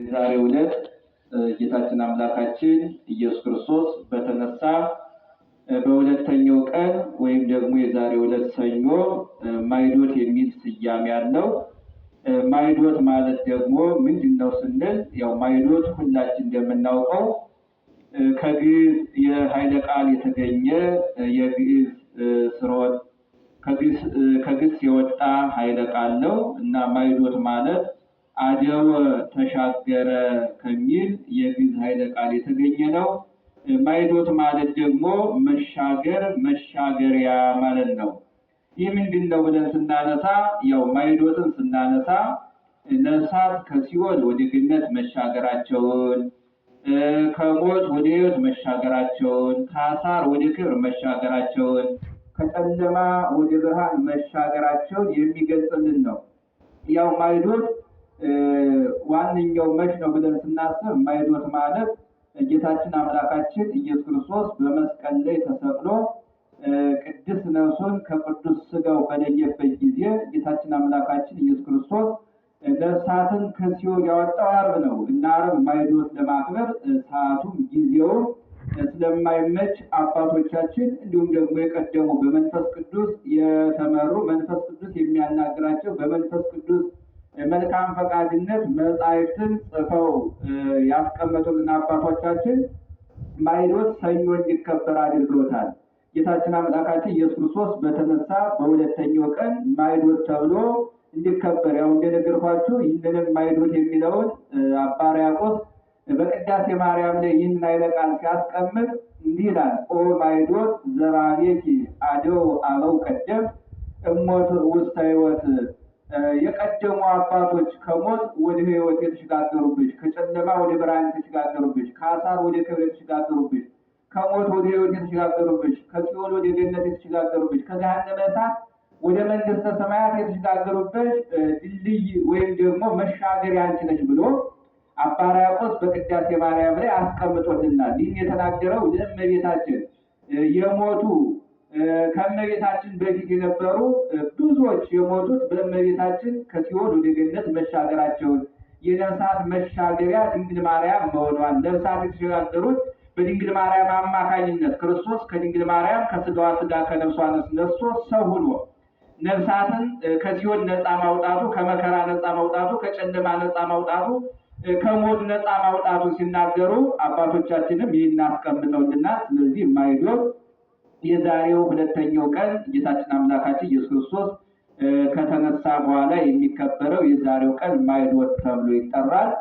የዛሬ ዕለት ጌታችን አምላካችን ኢየሱስ ክርስቶስ በተነሳ በሁለተኛው ቀን ወይም ደግሞ የዛሬ ዕለት ሰኞ ማይዶት የሚል ስያሜ አለው። ማይዶት ማለት ደግሞ ምንድን ነው ስንል ያው ማይዶት ሁላችን እንደምናውቀው ከግዕዝ የኃይለ ቃል የተገኘ የግዕዝ ስርወት ከግስ የወጣ ኃይለ ቃል ነው እና ማይዶት ማለት አደው ተሻገረ ከሚል የግዕዝ ኃይለ ቃል የተገኘ ነው። ማይዶት ማለት ደግሞ መሻገር፣ መሻገሪያ ማለት ነው። ይህ ምንድን ነው ብለን ስናነሳ ያው ማይዶትን ስናነሳ ነፍሳት ከሲኦል ወደ ገነት መሻገራቸውን፣ ከሞት ወደ ሕይወት መሻገራቸውን፣ ከአሳር ወደ ክብር መሻገራቸውን፣ ከጨለማ ወደ ብርሃን መሻገራቸውን የሚገልጽልን ነው። ያው ማይዶት ዋነኛው መች ነው ብለን ስናስብ ማይዶት ማለት ጌታችን አምላካችን ኢየሱስ ክርስቶስ በመስቀል ላይ ተሰቅሎ ቅድስት ነፍሱን ከቅዱስ ስጋው በለየበት ጊዜ ጌታችን አምላካችን ኢየሱስ ክርስቶስ ነፍሳትን ከሲኦል ያወጣው አርብ ነው እና አርብ ማይዶት ለማክበር ሰዓቱም ጊዜውም ስለማይመች አባቶቻችን እንዲሁም ደግሞ የቀደሙ በመንፈስ ቅዱስ የተመሩ መንፈስ ቅዱስ የሚያናግራቸው በመንፈስ ቅዱስ መልካም ፈቃድነት መጻሕፍትን ጽፈው ያስቀመጡልን አባቶቻችን ማይዶት ሰኞ እንዲከበር አድርገውታል። ጌታችን አምላካችን ኢየሱስ ክርስቶስ በተነሳ በሁለተኛው ቀን ማይዶት ተብሎ እንዲከበር ያው እንደነገርኳችሁ ይህንንም ማይዶት የሚለውን አባ ሕርያቆስ በቅዳሴ ማርያም ላይ ይህን ኃይለ ቃል ሲያስቀምጥ እንዲህ ይላል። ኦ ማይዶት ዘራቤኪ አደው አበው ቀደም እሞት ውስተ ሕይወት የቀደሙ አባቶች ከሞት ወደ ህይወት የተሸጋገሩብሽ፣ ከጨለማ ወደ ብርሃን የተሸጋገሩብሽ፣ ከአሳር ወደ ክብር የተሸጋገሩብሽ፣ ከሞት ወደ ህይወት የተሸጋገሩብሽ፣ ከጽዮን ወደ ገነት የተሸጋገሩብሽ፣ ከገሃነመ እሳት ወደ መንግስተ ሰማያት የተሸጋገሩብሽ ድልድይ ወይም ደግሞ መሻገሪያ አንቺ ነሽ ብሎ አባ ሕርያቆስ በቅዳሴ ማርያም ላይ አስቀምጦልናል። ይህን የተናገረው ለእመቤታችን የሞቱ ከእመቤታችን በፊት የነበሩ ብዙዎች የሞቱት በእመቤታችን ከሲኦል ወደ ገነት መሻገራቸውን የነፍሳት መሻገሪያ ድንግል ማርያም መሆኗን ነፍሳት የተሸጋገሩት በድንግል ማርያም አማካኝነት ክርስቶስ ከድንግል ማርያም ከስጋዋ ስጋ ከነፍሷ ነፍስ ነስቶ ሰው ሁኖ ነፍሳትን ከሲኦል ነፃ ማውጣቱ ከመከራ ነፃ ማውጣቱ ከጨለማ ነፃ ማውጣቱ ከሞት ነፃ ማውጣቱ ሲናገሩ አባቶቻችንም ይህን አስቀምጠውልናል። ስለዚህ የማይዶር የዛሬው ሁለተኛው ቀን ጌታችን አምላካችን ኢየሱስ ክርስቶስ ከተነሳ በኋላ የሚከበረው የዛሬው ቀን ማይዶት ተብሎ ይጠራል።